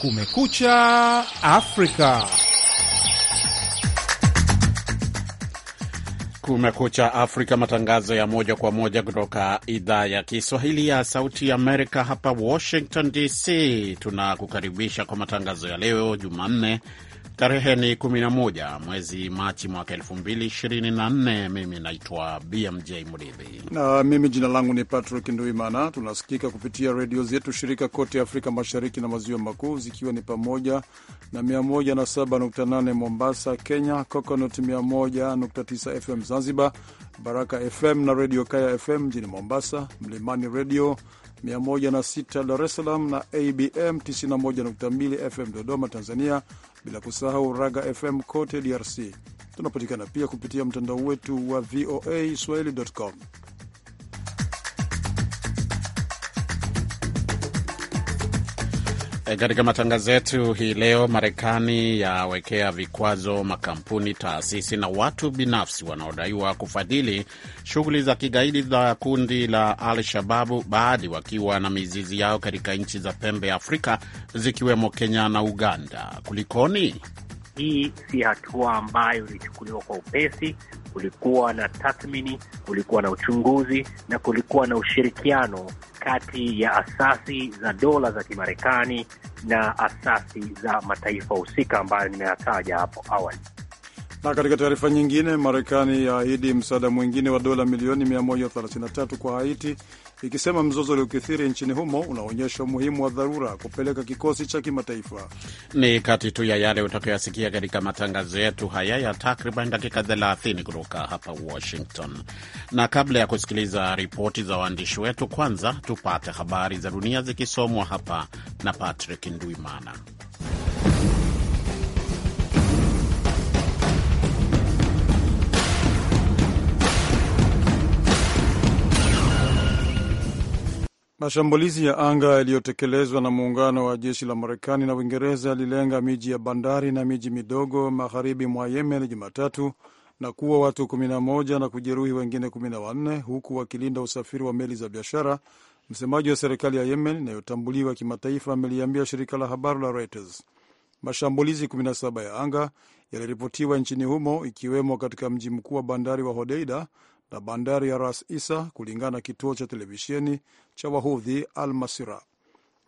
Kumekucha Afrika. Kumekucha Afrika, matangazo ya moja kwa moja kutoka idhaa ya Kiswahili ya Sauti Amerika hapa Washington DC. Tunakukaribisha kwa matangazo ya leo Jumanne Tarehe ni 11 mwezi Machi mwaka 2024. Mimi naitwa BMJ Mridhi na mimi jina langu ni Patrick Nduimana. Tunasikika kupitia redio zetu shirika kote Afrika Mashariki na Maziwa Makuu, zikiwa ni pamoja na 107.8 Mombasa, Kenya, Coconut 101.9 FM Zanzibar, Baraka FM na Redio Kaya FM mjini Mombasa, Mlimani Redio 106 Dar es Salaam na ABM 91.2 FM Dodoma, Tanzania, bila kusahau Raga FM kote DRC. Tunapatikana pia kupitia mtandao wetu wa VOA swahili.com. Eh, katika matangazo yetu hii leo, Marekani yawekea vikwazo makampuni, taasisi na watu binafsi wanaodaiwa kufadhili shughuli za kigaidi za kundi la Al Shababu, baadhi wakiwa na mizizi yao katika nchi za pembe ya Afrika zikiwemo Kenya na Uganda. Kulikoni? Hii si hatua ambayo ilichukuliwa kwa upesi, kulikuwa na tathmini, kulikuwa na uchunguzi na kulikuwa na ushirikiano kati ya asasi za dola za Kimarekani na asasi za mataifa husika ambayo nimeyataja hapo awali. Na katika taarifa nyingine, Marekani yaahidi msaada mwingine wa dola milioni 133 kwa Haiti ikisema mzozo uliokithiri nchini humo unaonyesha umuhimu wa dharura kupeleka kikosi cha kimataifa. Ni kati tu ya yale utakayoyasikia katika matangazo yetu haya ya takriban dakika 30 kutoka hapa Washington, na kabla ya kusikiliza ripoti za waandishi wetu, kwanza tupate habari za dunia zikisomwa hapa na Patrick Ndwimana. Mashambulizi ya anga yaliyotekelezwa na muungano wa jeshi la Marekani na Uingereza yalilenga miji ya bandari na miji midogo magharibi mwa Yemen Jumatatu na kuwa watu 11 na kujeruhi wengine 14 huku wakilinda usafiri wa meli za biashara. Msemaji wa serikali ya Yemen inayotambuliwa kimataifa ameliambia shirika la habari la Reuters mashambulizi 17 ya anga yaliripotiwa nchini humo, ikiwemo katika mji mkuu wa bandari wa Hodeida la bandari ya Ras Isa, kulingana na kituo cha televisheni cha Wahudhi Al Masira.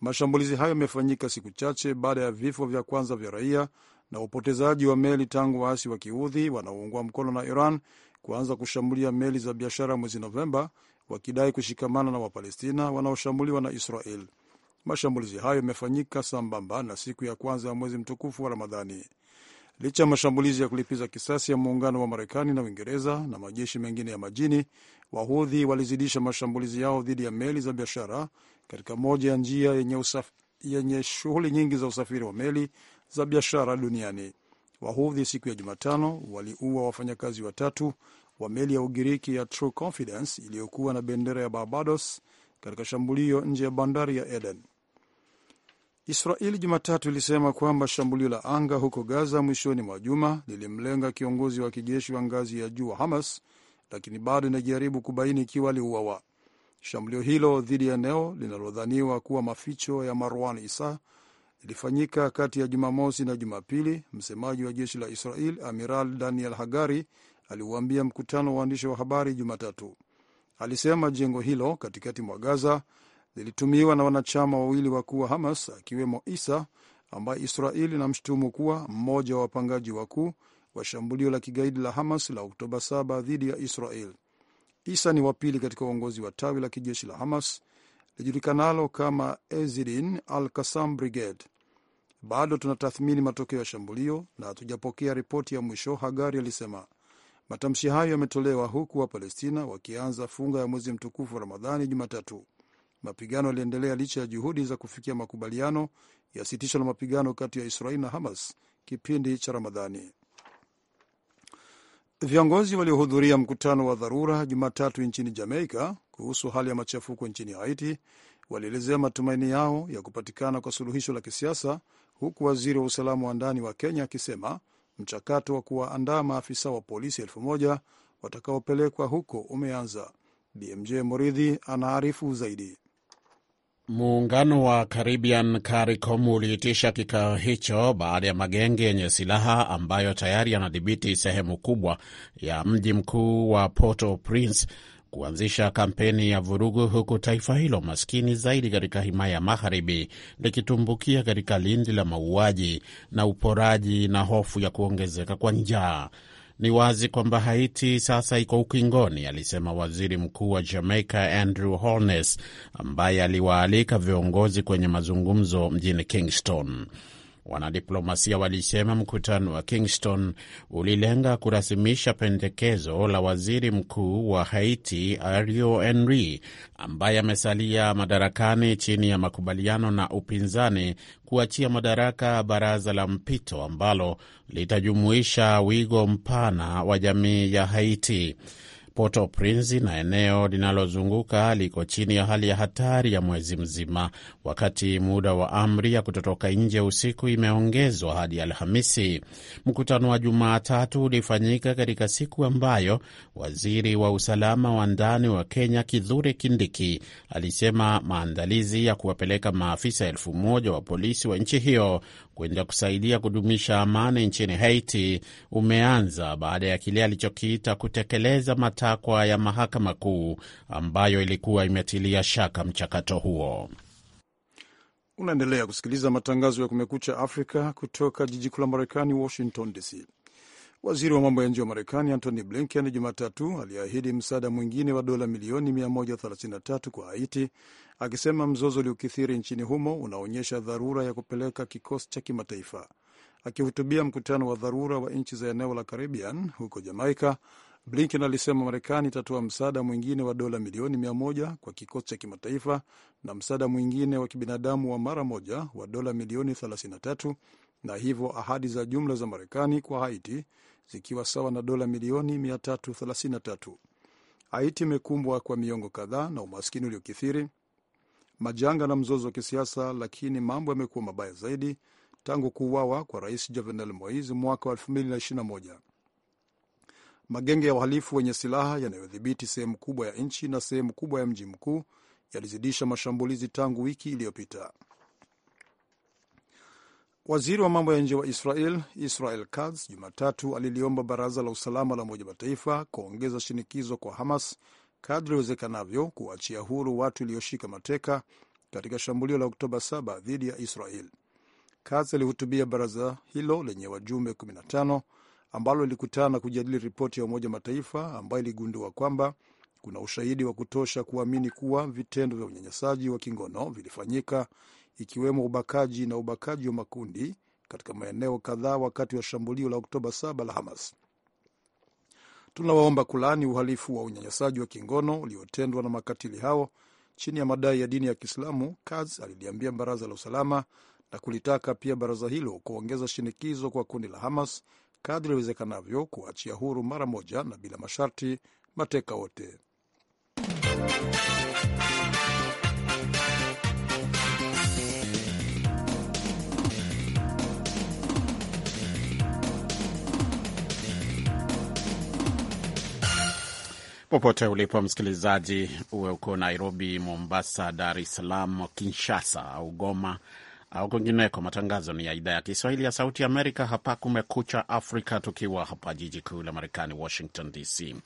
Mashambulizi hayo yamefanyika siku chache baada ya vifo vya kwanza vya raia na upotezaji wa meli tangu waasi wa kiudhi wanaoungwa mkono na Iran kuanza kushambulia meli za biashara mwezi Novemba, wakidai kushikamana na Wapalestina wanaoshambuliwa na Israel. Mashambulizi hayo yamefanyika sambamba na siku ya kwanza ya mwezi mtukufu wa Ramadhani licha ya mashambulizi ya kulipiza kisasi ya muungano wa Marekani na Uingereza na majeshi mengine ya majini, Wahudhi walizidisha mashambulizi yao dhidi ya meli za biashara katika moja ya njia yenye, usaf... yenye shughuli nyingi za usafiri wa meli za biashara duniani. Wahudhi siku ya Jumatano waliua wafanyakazi watatu wa meli ya Ugiriki ya True Confidence iliyokuwa na bendera ya Barbados katika shambulio nje ya bandari ya Eden. Israeli Jumatatu ilisema kwamba shambulio la anga huko Gaza mwishoni mwa juma lilimlenga kiongozi wa kijeshi wa ngazi ya juu wa Hamas, lakini bado inajaribu kubaini ikiwa aliuawa. Shambulio hilo dhidi ya eneo linalodhaniwa kuwa maficho ya Marwan Isa lilifanyika kati ya Jumamosi na Jumapili. Msemaji wa jeshi la Israel Amiral Daniel Hagari aliuambia mkutano wa waandishi wa habari Jumatatu, alisema jengo hilo katikati mwa Gaza lilitumiwa na wanachama wawili wakuu wa Hamas akiwemo Isa ambaye Israeli inamshutumu kuwa mmoja wa wapangaji wakuu wa shambulio la kigaidi la Hamas la Oktoba 7 dhidi ya Israel. Isa ni wa pili katika uongozi wa tawi la kijeshi la Hamas lijulikanalo kama Ezidin al kasam Brigade. Bado tunatathmini matokeo ya shambulio na hatujapokea ripoti ya mwisho, Hagari alisema. Matamshi hayo yametolewa huku Wapalestina wakianza funga ya mwezi mtukufu wa Ramadhani Jumatatu. Mapigano yaliendelea licha ya juhudi za kufikia makubaliano ya sitisho la mapigano kati ya israel na Hamas kipindi cha Ramadhani. Viongozi waliohudhuria mkutano wa dharura Jumatatu nchini Jamaica kuhusu hali ya machafuko nchini Haiti walielezea matumaini yao ya kupatikana kwa suluhisho la kisiasa, huku waziri wa usalama wa ndani wa Kenya akisema mchakato wa kuwaandaa maafisa wa polisi elfu moja watakaopelekwa huko umeanza. BMJ Moridhi anaarifu zaidi. Muungano wa Caribbean CARICOM uliitisha kikao hicho baada ya magenge yenye silaha ambayo tayari yanadhibiti sehemu kubwa ya mji mkuu wa Porto prince kuanzisha kampeni ya vurugu huku taifa hilo maskini zaidi katika himaya ya magharibi likitumbukia katika lindi la mauaji na uporaji na hofu ya kuongezeka kwa njaa. Ni wazi kwamba Haiti sasa iko ukingoni, alisema waziri mkuu wa Jamaica Andrew Holness ambaye aliwaalika viongozi kwenye mazungumzo mjini Kingston. Wanadiplomasia walisema mkutano wa Kingston ulilenga kurasimisha pendekezo la waziri mkuu wa Haiti Ariel Henry ambaye amesalia madarakani chini ya makubaliano na upinzani kuachia madaraka baraza la mpito ambalo litajumuisha wigo mpana wa jamii ya Haiti. Port-au-Prince na eneo linalozunguka liko chini ya hali ya hatari ya mwezi mzima, wakati muda wa amri ya kutotoka nje usiku imeongezwa hadi Alhamisi. Mkutano wa Jumatatu ulifanyika katika siku ambayo waziri wa usalama wa ndani wa Kenya Kithure Kindiki alisema maandalizi ya kuwapeleka maafisa elfu moja wa polisi wa nchi hiyo kwenda kusaidia kudumisha amani nchini Haiti umeanza baada ya kile alichokiita kutekeleza matakwa ya mahakama kuu ambayo ilikuwa imetilia shaka mchakato huo. Unaendelea kusikiliza matangazo ya Kumekucha Afrika kutoka jiji kuu la Marekani, Washington DC. Waziri wa mambo ya nje wa Marekani Antony Blinken Jumatatu aliahidi msaada mwingine wa dola milioni 133 kwa Haiti, akisema mzozo uliokithiri nchini humo unaonyesha dharura ya kupeleka kikosi cha kimataifa. Akihutubia mkutano wa dharura wa nchi za eneo la Caribbean huko Jamaica, Blinken alisema Marekani itatoa msaada mwingine wa dola milioni 100 kwa kikosi cha kimataifa na msaada mwingine wa kibinadamu wa mara moja wa dola milioni 33, na hivyo ahadi za jumla za Marekani kwa Haiti zikiwa sawa na dola milioni 333. Haiti imekumbwa kwa miongo kadhaa na umaskini uliokithiri, majanga na mzozo wa kisiasa, lakini mambo yamekuwa mabaya zaidi tangu kuuawa kwa Rais Jovenel Moise mwaka wa 2021. Magenge ya uhalifu wenye silaha yanayodhibiti sehemu kubwa ya nchi na sehemu kubwa ya mji mkuu yalizidisha mashambulizi tangu wiki iliyopita. Waziri wa mambo ya nje wa Israel Israel Katz Jumatatu aliliomba baraza la usalama la Umoja Mataifa kuongeza shinikizo kwa Hamas kadri iwezekanavyo kuachia huru watu iliyoshika mateka katika shambulio la Oktoba 7 dhidi ya Israel. Katz alihutubia baraza hilo lenye wajumbe 15 ambalo lilikutana kujadili ripoti ya Umoja Mataifa ambayo iligundua kwamba kuna ushahidi wa kutosha kuamini kuwa vitendo vya unyanyasaji wa kingono vilifanyika ikiwemo ubakaji na ubakaji wa makundi katika maeneo kadhaa wakati wa shambulio la Oktoba 7 la Hamas. Tunawaomba kulaani uhalifu wa unyanyasaji wa kingono uliotendwa na makatili hao chini ya madai ya dini ya Kiislamu, Katz aliliambia baraza la usalama na kulitaka pia baraza hilo kuongeza shinikizo kwa kundi la Hamas kadri iwezekanavyo kuachia huru mara moja na bila masharti mateka wote. Popote ulipo msikilizaji, uwe uko Nairobi, Mombasa, Dar es Salaam, Kinshasa au Goma au kwingineko, matangazo ni ya idhaa ya Kiswahili ya Sauti Amerika, hapa Kumekucha Afrika, tukiwa hapa jiji kuu la Marekani, Washington DC.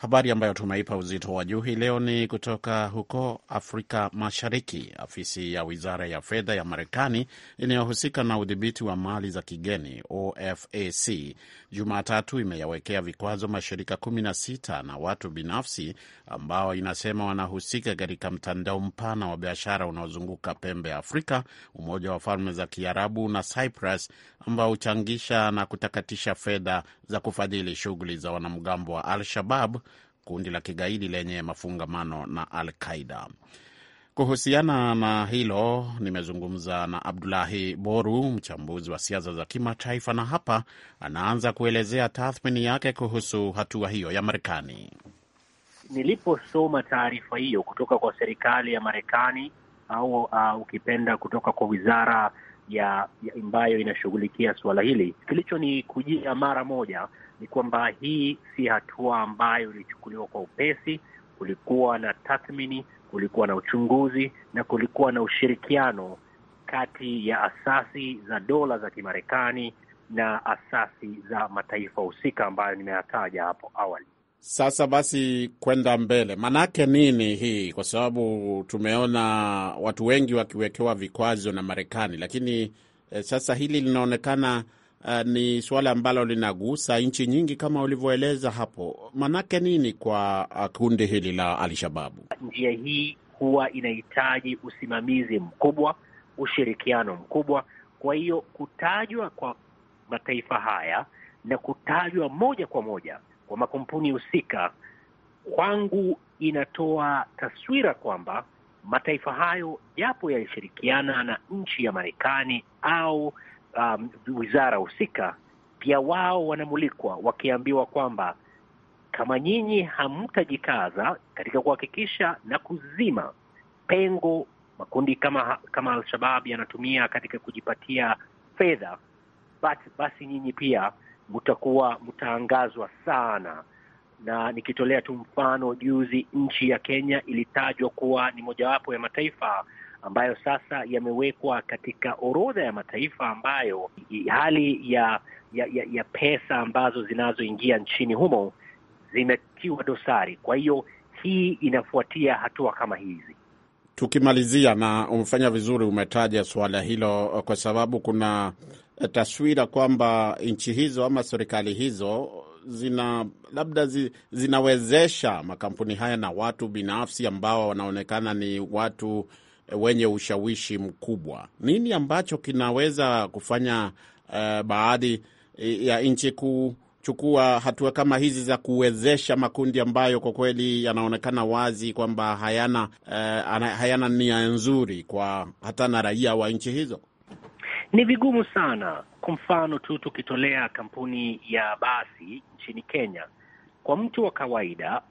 Habari ambayo tumeipa uzito wa juu hii leo ni kutoka huko Afrika Mashariki. Afisi ya wizara ya fedha ya Marekani inayohusika na udhibiti wa mali za kigeni OFAC Jumatatu imeyawekea vikwazo mashirika 16 na watu binafsi ambao inasema wanahusika katika mtandao mpana wa biashara unaozunguka pembe ya Afrika, Umoja wa Falme za Kiarabu na Cyprus, ambao huchangisha na kutakatisha fedha za kufadhili shughuli za wanamgambo wa Al Shabab kundi la kigaidi lenye mafungamano na Al Qaida. Kuhusiana na hilo nimezungumza na Abdulahi Boru, mchambuzi wa siasa za kimataifa, na hapa anaanza kuelezea tathmini yake kuhusu hatua hiyo ya Marekani. Niliposoma taarifa hiyo kutoka kwa serikali ya Marekani au uh, ukipenda kutoka kwa wizara ya ambayo inashughulikia suala hili, kilicho ni kujia mara moja ni kwamba hii si hatua ambayo ilichukuliwa kwa upesi. Kulikuwa na tathmini, kulikuwa na uchunguzi na kulikuwa na ushirikiano kati ya asasi za dola za Kimarekani na asasi za mataifa husika ambayo nimeyataja hapo awali. Sasa basi, kwenda mbele, maanake nini hii? Kwa sababu tumeona watu wengi wakiwekewa vikwazo na Marekani, lakini eh, sasa hili linaonekana uh, ni suala ambalo linagusa nchi nyingi kama ulivyoeleza hapo. Manake nini kwa ah, kundi hili la Alshababu? Njia hii huwa inahitaji usimamizi mkubwa, ushirikiano mkubwa. Kwa hiyo kutajwa kwa mataifa haya na kutajwa moja kwa moja kwa makampuni husika, kwangu inatoa taswira kwamba mataifa hayo japo yalishirikiana na nchi ya Marekani au um, wizara husika pia wao wanamulikwa wakiambiwa kwamba kama nyinyi hamtajikaza katika kuhakikisha na kuzima pengo makundi kama kama Alshabab yanatumia katika kujipatia fedha, basi nyinyi pia mtakuwa mtaangazwa sana na nikitolea tu mfano, juzi nchi ya Kenya ilitajwa kuwa ni mojawapo ya mataifa ambayo sasa yamewekwa katika orodha ya mataifa ambayo hali ya ya, ya, ya pesa ambazo zinazoingia nchini humo zimetiwa dosari. Kwa hiyo hii inafuatia hatua kama hizi. Tukimalizia, na umefanya vizuri, umetaja suala hilo, kwa sababu kuna eh, taswira kwamba nchi hizo ama serikali hizo zina labda zi, zinawezesha makampuni haya na watu binafsi ambao wanaonekana ni watu eh, wenye ushawishi mkubwa. Nini ambacho kinaweza kufanya uh, baadhi eh, ya nchi kuchukua hatua kama hizi za kuwezesha makundi ambayo kwa kweli yanaonekana wazi kwamba hayana, uh, hayana nia nzuri kwa hata na raia wa nchi hizo? Ni vigumu sana. Kwa mfano tu tukitolea kampuni ya basi nchini Kenya, kwa mtu wa kawaida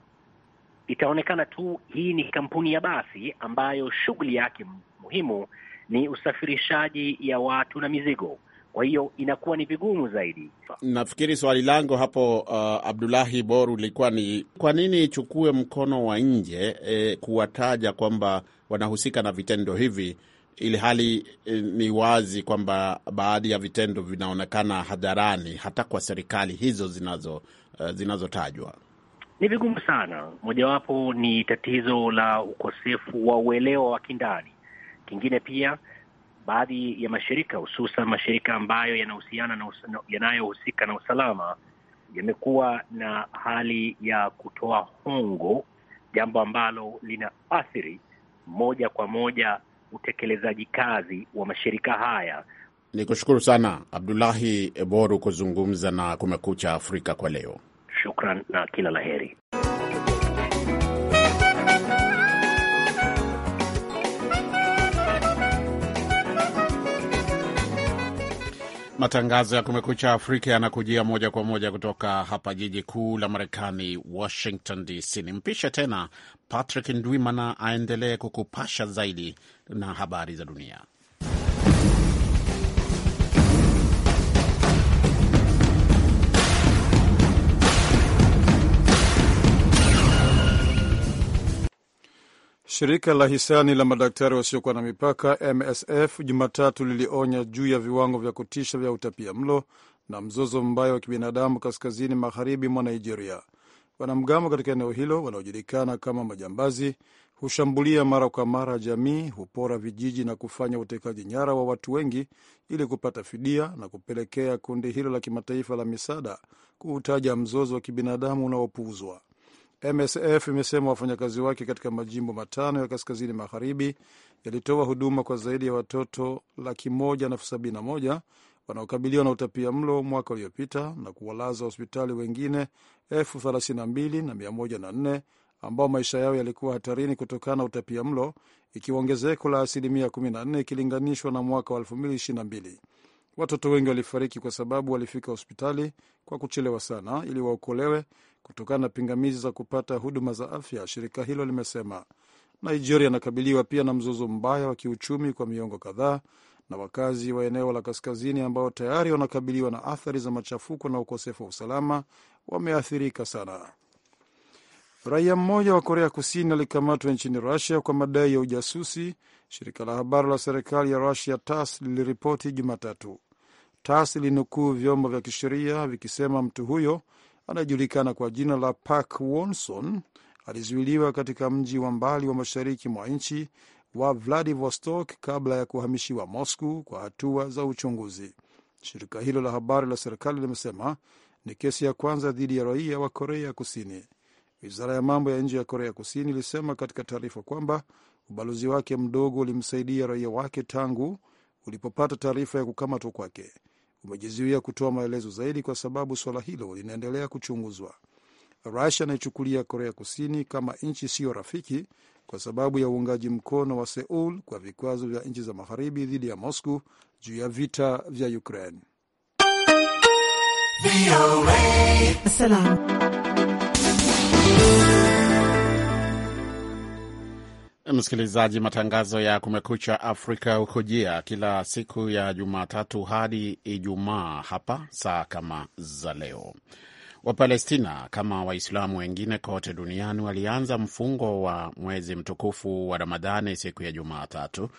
itaonekana tu hii ni kampuni ya basi ambayo shughuli yake muhimu ni usafirishaji ya watu na mizigo. Kwa hiyo inakuwa ni vigumu zaidi. Nafikiri swali langu hapo, uh, Abdulahi Boru, ilikuwa ni kwa nini ichukue mkono wa nje, eh, kuwataja kwamba wanahusika na vitendo hivi ili hali e, ni wazi kwamba baadhi ya vitendo vinaonekana hadharani hata kwa serikali hizo zinazo e, zinazotajwa. Ni vigumu sana. Mojawapo ni tatizo la ukosefu wa uelewa wa kindani. Kingine pia, baadhi ya mashirika hususan mashirika ambayo yanahusiana na yanayohusika na usalama yamekuwa na hali ya kutoa hongo, jambo ambalo lina athiri moja kwa moja utekelezaji kazi wa mashirika haya. Ni kushukuru sana Abdulahi Boru kuzungumza na Kumekucha Afrika kwa leo. Shukran na kila la heri. Matangazo ya Kumekucha Afrika yanakujia moja kwa moja kutoka hapa jiji kuu la Marekani, Washington DC. Nimpishe tena Patrick Ndwimana aendelee kukupasha zaidi na habari za dunia. Shirika la hisani la madaktari wasiokuwa na mipaka MSF Jumatatu lilionya juu ya viwango vya kutisha vya utapia mlo na mzozo mbaya wa kibinadamu kaskazini magharibi mwa Nigeria. Wanamgambo katika eneo hilo wanaojulikana kama majambazi hushambulia mara kwa mara jamii, hupora vijiji na kufanya utekaji nyara wa watu wengi ili kupata fidia na kupelekea kundi hilo la kimataifa la misaada kuutaja mzozo wa kibinadamu unaopuuzwa. MSF imesema wafanyakazi wake katika majimbo matano ya kaskazini magharibi yalitoa huduma kwa zaidi ya watoto laki moja na elfu sabini na moja wanaokabiliwa na utapia mlo mwaka uliopita na kuwalaza hospitali wengine elfu thelathini na mbili na mia moja na nne ambao maisha yao yalikuwa hatarini kutokana na utapia mlo, ikiwa ongezeko la asilimia 14 ikilinganishwa na mwaka wa 2022. Watoto wengi walifariki kwa sababu walifika hospitali kwa kuchelewa sana ili waokolewe kutokana na pingamizi za kupata huduma za afya, shirika hilo limesema. Nigeria inakabiliwa pia na mzozo mbaya wa kiuchumi kwa miongo kadhaa, na wakazi wa eneo la kaskazini ambao tayari wanakabiliwa na athari za machafuko na ukosefu wa usalama wameathirika sana. Raia mmoja wa Korea Kusini alikamatwa nchini Rusia kwa madai ya ujasusi, shirika la habari la serikali ya Rusia TAS liliripoti Jumatatu. TAS linukuu vyombo vya kisheria vikisema mtu huyo anayejulikana kwa jina la Park Wonson alizuiliwa katika mji wa mbali wa mashariki mwa nchi wa Vladivostok kabla ya kuhamishiwa Moscow kwa hatua za uchunguzi. Shirika hilo la habari la serikali limesema ni kesi ya kwanza dhidi ya raia wa Korea Kusini. Wizara ya mambo ya nje ya Korea Kusini ilisema katika taarifa kwamba ubalozi wake mdogo ulimsaidia raia wake tangu ulipopata taarifa ya kukamatwa kwake umejizuia kutoa maelezo zaidi kwa sababu suala hilo linaendelea kuchunguzwa. Rusia inaichukulia Korea Kusini kama nchi siyo rafiki kwa sababu ya uungaji mkono wa Seul kwa vikwazo vya nchi za magharibi dhidi ya Moscow juu ya vita vya Ukraine msikilizaji, matangazo ya Kumekucha Afrika hukujia kila siku ya Jumatatu hadi Ijumaa hapa saa kama za leo. Wapalestina kama Waislamu wengine kote duniani walianza mfungo wa mwezi mtukufu wa Ramadhani siku ya Jumatatu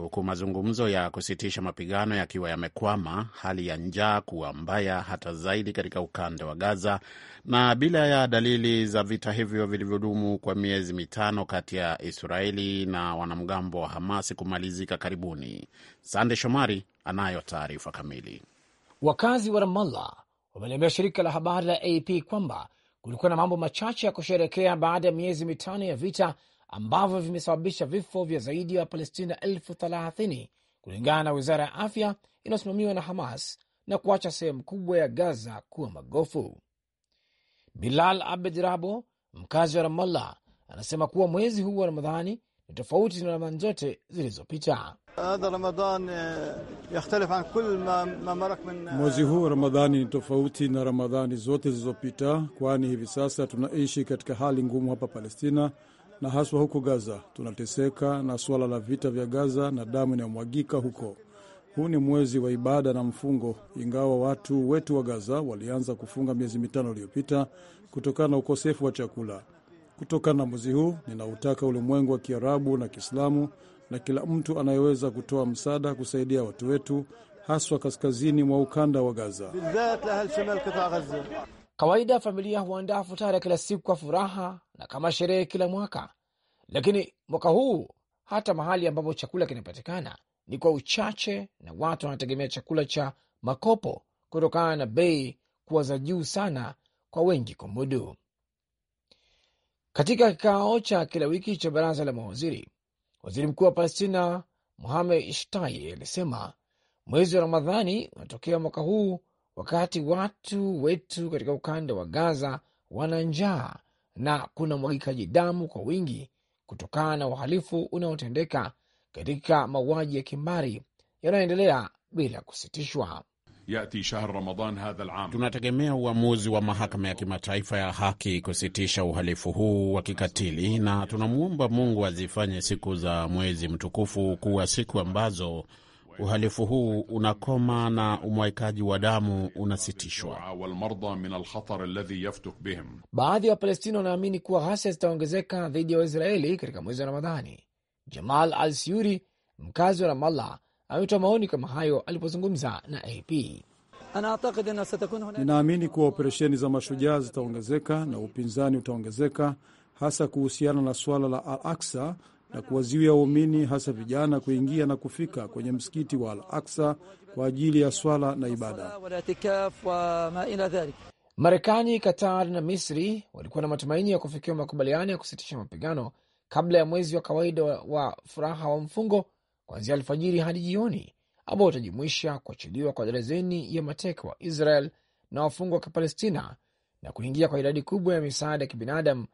huku mazungumzo ya kusitisha mapigano yakiwa yamekwama, hali ya njaa kuwa mbaya hata zaidi katika ukanda wa Gaza, na bila ya dalili za vita hivyo vilivyodumu kwa miezi mitano kati ya Israeli na wanamgambo wa Hamasi kumalizika karibuni. Sande Shomari anayo taarifa kamili. Wakazi wa Ramallah wameliambia shirika la habari la AP kwamba kulikuwa na mambo machache ya kusherekea baada ya miezi mitano ya vita ambavyo vimesababisha vifo vya zaidi ya wa Wapalestina elfu thelathini kulingana na wizara ya afya inayosimamiwa na Hamas na kuacha sehemu kubwa ya Gaza kuwa magofu. Bilal Abed Rabo, mkazi wa Ramallah, anasema kuwa mwezi huu wa Ramadhani ni tofauti na Ramadhani zote zilizopita. Eh, eh, mwezi huu wa Ramadhani ni tofauti na Ramadhani zote zilizopita, kwani hivi sasa tunaishi katika hali ngumu hapa Palestina na haswa huko Gaza. Tunateseka na suala la vita vya Gaza na damu inayomwagika huko. Huu ni mwezi wa ibada na mfungo, ingawa watu wetu wa Gaza walianza kufunga miezi mitano iliyopita kutokana na ukosefu wa chakula. Kutokana na mwezi huu, ninautaka ulimwengu wa Kiarabu na Kiislamu na kila mtu anayeweza kutoa msaada kusaidia watu wetu, haswa kaskazini mwa ukanda wa Gaza. Kawaida familia huandaa futari kila siku kwa furaha na kama sherehe kila mwaka, lakini mwaka huu hata mahali ambapo chakula kinapatikana ni kwa uchache, na watu wanategemea chakula cha makopo kutokana na bei kuwa za juu sana kwa wengi kumudu. Katika kikao cha kila wiki cha baraza la mawaziri, waziri mkuu wa Palestina Mohamed Ishtai alisema mwezi wa Ramadhani unatokea mwaka huu wakati watu wetu katika ukanda wa Gaza wana njaa na kuna mwagikaji damu kwa wingi kutokana na uhalifu unaotendeka katika mauaji ya kimbari yanayoendelea bila kusitishwa. Tunategemea uamuzi wa mahakama ya kimataifa ya haki kusitisha uhalifu huu wa kikatili, na tunamwomba Mungu azifanye siku za mwezi mtukufu kuwa siku ambazo uhalifu huu unakoma na umwaikaji wa damu unasitishwa. Baadhi ya Wapalestina wanaamini kuwa ghasia zitaongezeka dhidi ya Waisraeli katika mwezi wa Ramadhani. Jamal Al Siuri, mkazi wa Ramallah, ametoa maoni kama hayo alipozungumza na AP. Ninaamini kuwa operesheni za mashujaa zitaongezeka na upinzani utaongezeka, hasa kuhusiana na suala la Al Aksa na kuwaziwia waumini hasa vijana kuingia na kufika kwenye msikiti wa Al Aksa kwa ajili ya swala na ibada. Marekani, Qatar na Misri walikuwa na matumaini ya kufikiwa makubaliano ya kusitisha mapigano kabla ya mwezi wa kawaida wa furaha wa mfungo kuanzia alfajiri hadi jioni, ambao utajumuisha kuachiliwa kwa darazeni ya mateka wa Israel na wafungwa wa Kipalestina na kuingia kwa idadi kubwa ya misaada ya kibinadamu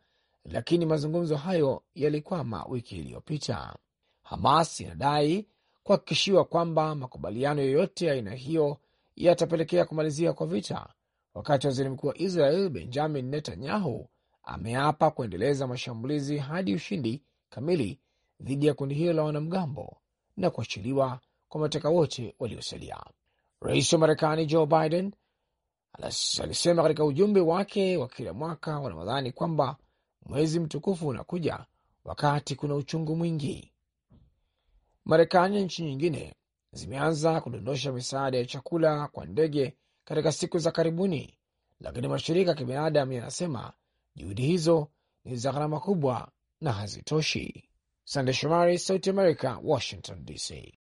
lakini mazungumzo hayo yalikwama wiki iliyopita. Hamas inadai kuhakikishiwa kwamba makubaliano yoyote ya aina hiyo yatapelekea kumalizia kwa vita, wakati waziri mkuu wa Israel Benjamin Netanyahu ameapa kuendeleza mashambulizi hadi ushindi kamili dhidi ya kundi hilo la wanamgambo na kuachiliwa kwa mateka wote waliosalia. Rais wa Marekani Joe Biden alisema katika ujumbe wake wa kila mwaka wa Ramadhani kwamba Mwezi mtukufu unakuja wakati kuna uchungu mwingi. Marekani na nchi nyingine zimeanza kudondosha misaada ya chakula kwa ndege katika siku za karibuni, lakini mashirika ya kibinadamu yanasema juhudi hizo ni za gharama kubwa na hazitoshi. Sande Shomari, Sauti America, Washington DC.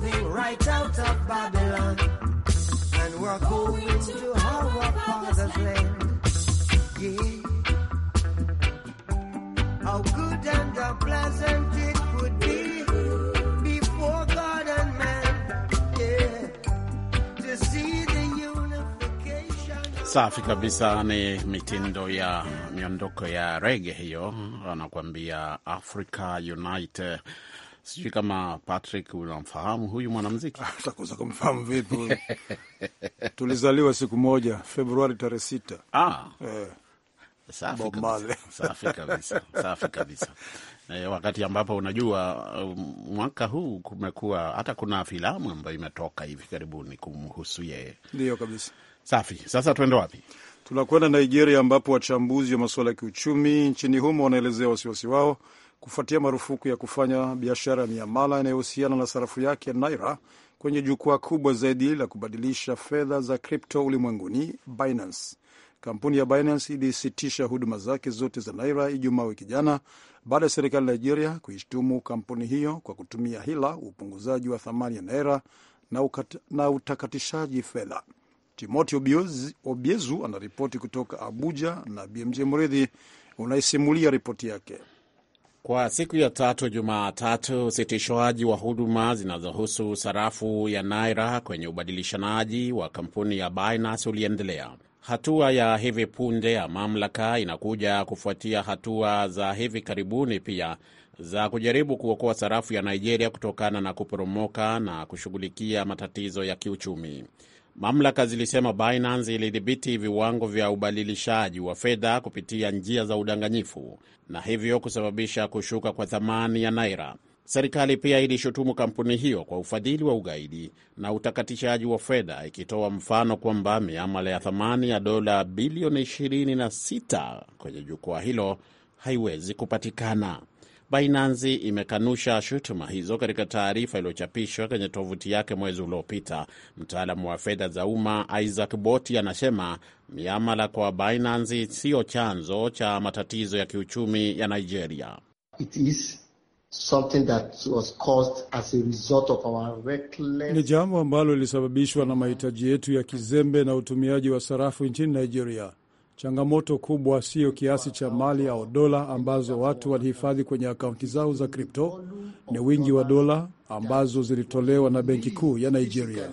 moving right out of Babylon. And we're going, to our Father's land. Yeah. How good and how pleasant it would be Safi kabisa, ni mitindo ya miondoko ya rege hiyo, anakuambia Africa Unite. Sijui kama Patrick unamfahamu huyu mwanamziki? Utakosa ah, kumfahamu vipi? Tulizaliwa siku moja, Februari tarehe sita. Ah. Eh. Safi kabisa. Safi kabisa. Safi kabisa. E, wakati ambapo unajua um, mwaka huu kumekuwa hata kuna filamu ambayo imetoka hivi karibuni kumhusu yeye. Ndio kabisa. Safi. Sasa tuende wapi? Tunakwenda Nigeria ambapo wachambuzi wa masuala ya kiuchumi nchini humo wanaelezea wasiwasi wao kufuatia marufuku ya kufanya biashara ya miamala inayohusiana na sarafu yake naira kwenye jukwaa kubwa zaidi la kubadilisha fedha za kripto ulimwenguni, Binance. Kampuni ya Binance ilisitisha huduma zake zote za naira Ijumaa wiki jana baada ya serikali ya Nigeria kuishtumu kampuni hiyo kwa kutumia hila, upunguzaji wa thamani ya naira na, ukat, na utakatishaji fedha. Timothy Obiezu anaripoti kutoka Abuja na BMJ Mridhi unaisimulia ripoti yake. Kwa siku ya tatu Jumatatu, usitishwaji wa huduma zinazohusu sarafu ya naira kwenye ubadilishanaji wa kampuni ya Binance uliendelea. Hatua ya hivi punde ya mamlaka inakuja kufuatia hatua za hivi karibuni pia za kujaribu kuokoa sarafu ya Nigeria kutokana na kuporomoka na kushughulikia matatizo ya kiuchumi. Mamlaka zilisema Binance ilidhibiti viwango vya ubadilishaji wa fedha kupitia njia za udanganyifu na hivyo kusababisha kushuka kwa thamani ya naira. Serikali pia ilishutumu kampuni hiyo kwa ufadhili wa ugaidi na utakatishaji wa fedha, ikitoa mfano kwamba miamala ya thamani ya dola bilioni 26 kwenye jukwaa hilo haiwezi kupatikana. Binance imekanusha shutuma hizo katika taarifa iliyochapishwa kwenye tovuti yake mwezi uliopita. Mtaalamu wa fedha za umma Isaac Boti anasema miamala kwa Binance siyo chanzo cha matatizo ya kiuchumi ya Nigeria. It is ni jambo ambalo lilisababishwa na mahitaji yetu ya kizembe na utumiaji wa sarafu nchini Nigeria. Changamoto kubwa siyo kiasi cha mali au dola ambazo watu walihifadhi kwenye akaunti zao za kripto, ni wingi wa dola ambazo zilitolewa na benki kuu ya Nigeria.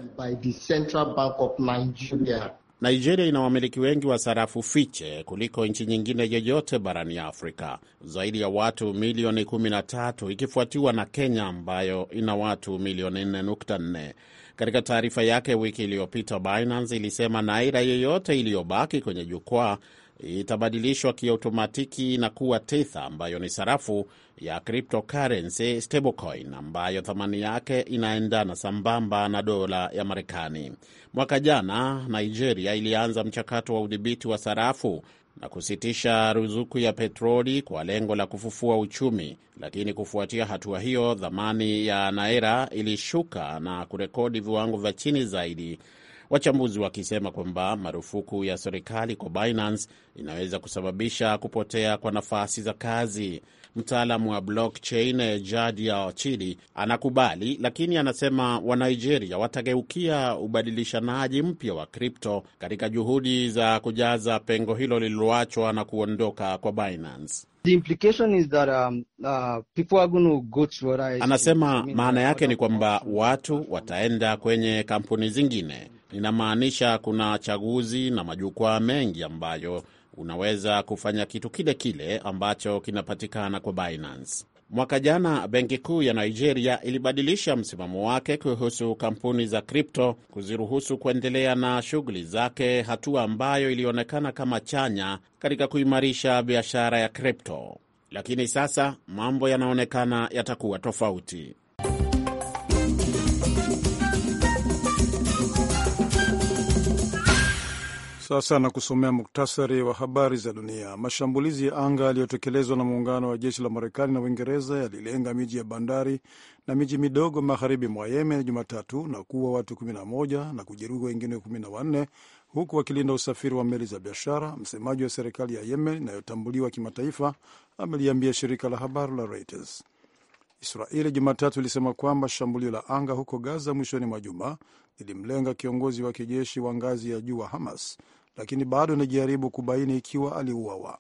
Nigeria ina wamiliki wengi wa sarafu fiche kuliko nchi nyingine yoyote barani Afrika, zaidi ya watu milioni 13, ikifuatiwa na Kenya ambayo ina watu milioni 4.4. Katika taarifa yake wiki iliyopita, Binance ilisema naira yoyote iliyobaki kwenye jukwaa itabadilishwa kiautomatiki na kuwa Tether, ambayo ni sarafu ya cryptocurrency stablecoin ambayo thamani yake inaendana sambamba na dola ya Marekani. Mwaka jana Nigeria ilianza mchakato wa udhibiti wa sarafu na kusitisha ruzuku ya petroli kwa lengo la kufufua uchumi, lakini kufuatia hatua hiyo, dhamani ya naira ilishuka na kurekodi viwango vya chini zaidi, wachambuzi wakisema kwamba marufuku ya serikali kwa Binance inaweza kusababisha kupotea kwa nafasi za kazi. Mtaalamu wa blockchain eh, Jadia Ochili anakubali, lakini anasema Wanigeria watageukia ubadilishanaji mpya wa kripto katika juhudi za kujaza pengo hilo lililoachwa na kuondoka kwa Binance. The implication is that, um, uh, people are go to anasema maana yake ni kwamba watu wataenda kwenye kampuni zingine. Inamaanisha kuna chaguzi na majukwaa mengi ambayo unaweza kufanya kitu kile kile ambacho kinapatikana kwa Binance. Mwaka jana benki kuu ya Nigeria ilibadilisha msimamo wake kuhusu kampuni za kripto, kuziruhusu kuendelea na shughuli zake, hatua ambayo ilionekana kama chanya katika kuimarisha biashara ya kripto. Lakini sasa mambo yanaonekana yatakuwa tofauti. Sasa na kusomea muktasari wa habari za dunia. Mashambulizi ya anga yaliyotekelezwa na muungano wa jeshi la Marekani na Uingereza yalilenga miji ya bandari na miji midogo magharibi mwa Yemen Jumatatu na kuua watu 11 na kujeruhi wengine 14 huku wakilinda usafiri wa meli za biashara. Msemaji wa serikali ya Yemen inayotambuliwa kimataifa ameliambia shirika la habari la Reuters. Israeli Jumatatu ilisema kwamba shambulio la anga huko Gaza mwishoni mwa juma lilimlenga kiongozi wa kijeshi wa ngazi ya juu wa Hamas lakini bado anajaribu kubaini ikiwa aliuawa.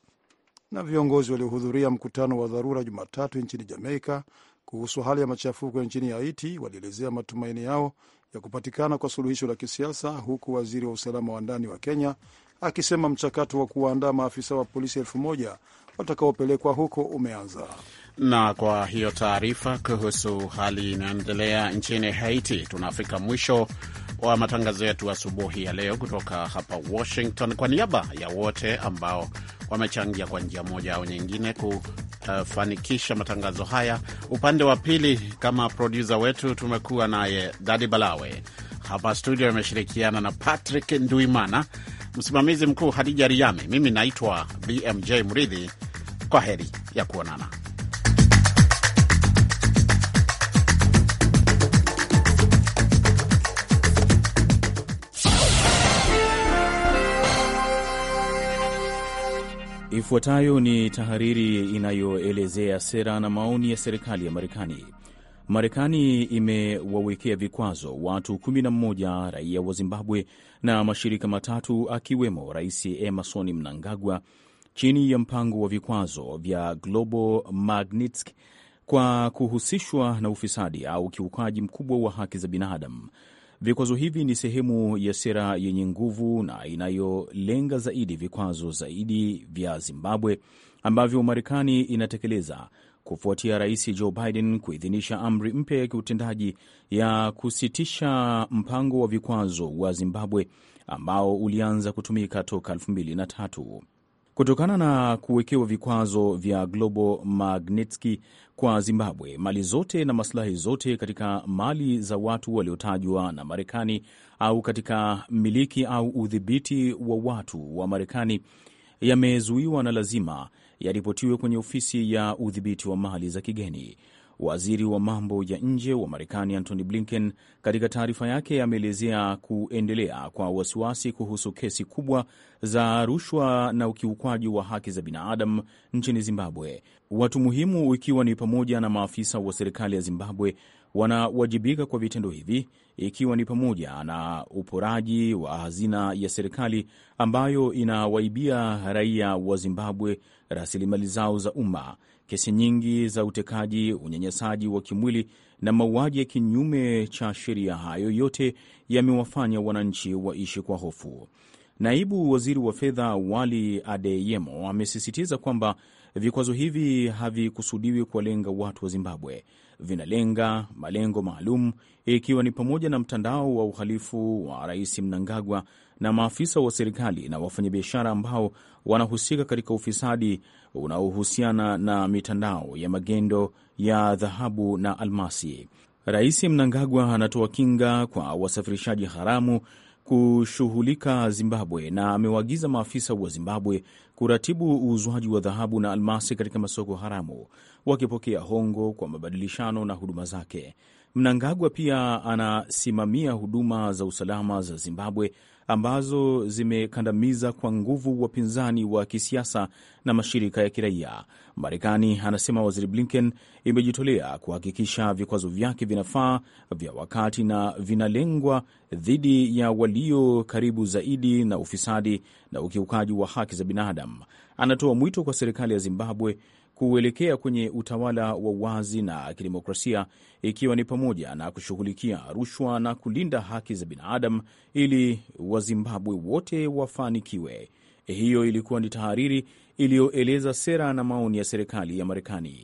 Na viongozi waliohudhuria mkutano wa dharura Jumatatu nchini Jamaika kuhusu hali ya machafuko nchini Haiti walielezea matumaini yao ya kupatikana kwa suluhisho la kisiasa, huku waziri wa usalama wa ndani wa Kenya akisema mchakato wa kuwaandaa maafisa wa polisi elfu moja watakaopelekwa huko umeanza. Na kwa hiyo taarifa kuhusu hali inayoendelea nchini Haiti, tunafika mwisho wa matangazo yetu asubuhi ya leo kutoka hapa Washington. Kwa niaba ya wote ambao wamechangia kwa njia moja au nyingine kufanikisha matangazo haya, upande wa pili kama produsa wetu tumekuwa naye Dadi Balawe hapa studio, ameshirikiana na Patrick Nduimana, msimamizi mkuu Hadija Riami, mimi naitwa BMJ Mridhi. Kwa heri ya kuonana. Ifuatayo ni tahariri inayoelezea sera na maoni ya serikali ya Marekani. Marekani imewawekea vikwazo watu 11 raia wa Zimbabwe na mashirika matatu akiwemo Rais emason Mnangagwa chini ya mpango wa vikwazo vya Global Magnitsky kwa kuhusishwa na ufisadi au ukiukaji mkubwa wa haki za binadamu. Vikwazo hivi ni sehemu ya sera yenye nguvu na inayolenga zaidi vikwazo zaidi vya Zimbabwe ambavyo Marekani inatekeleza kufuatia Rais Joe Biden kuidhinisha amri mpya ya kiutendaji ya kusitisha mpango wa vikwazo wa Zimbabwe ambao ulianza kutumika toka 2003. Kutokana na kuwekewa vikwazo vya Global Magnitsky kwa Zimbabwe, mali zote na masilahi zote katika mali za watu waliotajwa na Marekani au katika miliki au udhibiti wa watu wa Marekani yamezuiwa na lazima yaripotiwe kwenye ofisi ya udhibiti wa mali za kigeni. Waziri wa mambo ya nje wa Marekani Antony Blinken katika taarifa yake ameelezea kuendelea kwa wasiwasi kuhusu kesi kubwa za rushwa na ukiukwaji wa haki za binadamu nchini Zimbabwe, watu muhimu ikiwa ni pamoja na maafisa wa serikali ya Zimbabwe wanawajibika kwa vitendo hivi ikiwa ni pamoja na uporaji wa hazina ya serikali ambayo inawaibia raia wa Zimbabwe rasilimali zao za umma. Kesi nyingi za utekaji, unyanyasaji wa kimwili na mauaji ya kinyume cha sheria, hayo yote yamewafanya wananchi waishi kwa hofu. Naibu waziri wa fedha Wali Adeyemo amesisitiza kwamba vikwazo hivi havikusudiwi kuwalenga watu wa Zimbabwe, vinalenga malengo maalum, ikiwa ni pamoja na mtandao wa uhalifu wa Rais Mnangagwa na maafisa wa serikali na wafanyabiashara ambao wanahusika katika ufisadi unaohusiana na mitandao ya magendo ya dhahabu na almasi. Rais Mnangagwa anatoa kinga kwa wasafirishaji haramu kushughulika Zimbabwe na amewaagiza maafisa wa Zimbabwe kuratibu uuzwaji wa dhahabu na almasi katika masoko haramu, wakipokea hongo kwa mabadilishano na huduma zake. Mnangagwa pia anasimamia huduma za usalama za Zimbabwe ambazo zimekandamiza kwa nguvu wapinzani wa kisiasa na mashirika ya kiraia. Marekani, anasema Waziri Blinken, imejitolea kuhakikisha vikwazo vyake vinafaa, vya wakati na vinalengwa dhidi ya walio karibu zaidi na ufisadi na ukiukaji wa haki za binadamu. Anatoa mwito kwa serikali ya Zimbabwe kuelekea kwenye utawala wa wazi na kidemokrasia, ikiwa ni pamoja na kushughulikia rushwa na kulinda haki za binadamu ili Wazimbabwe wote wafanikiwe. Hiyo ilikuwa ni tahariri iliyoeleza sera na maoni ya serikali ya Marekani.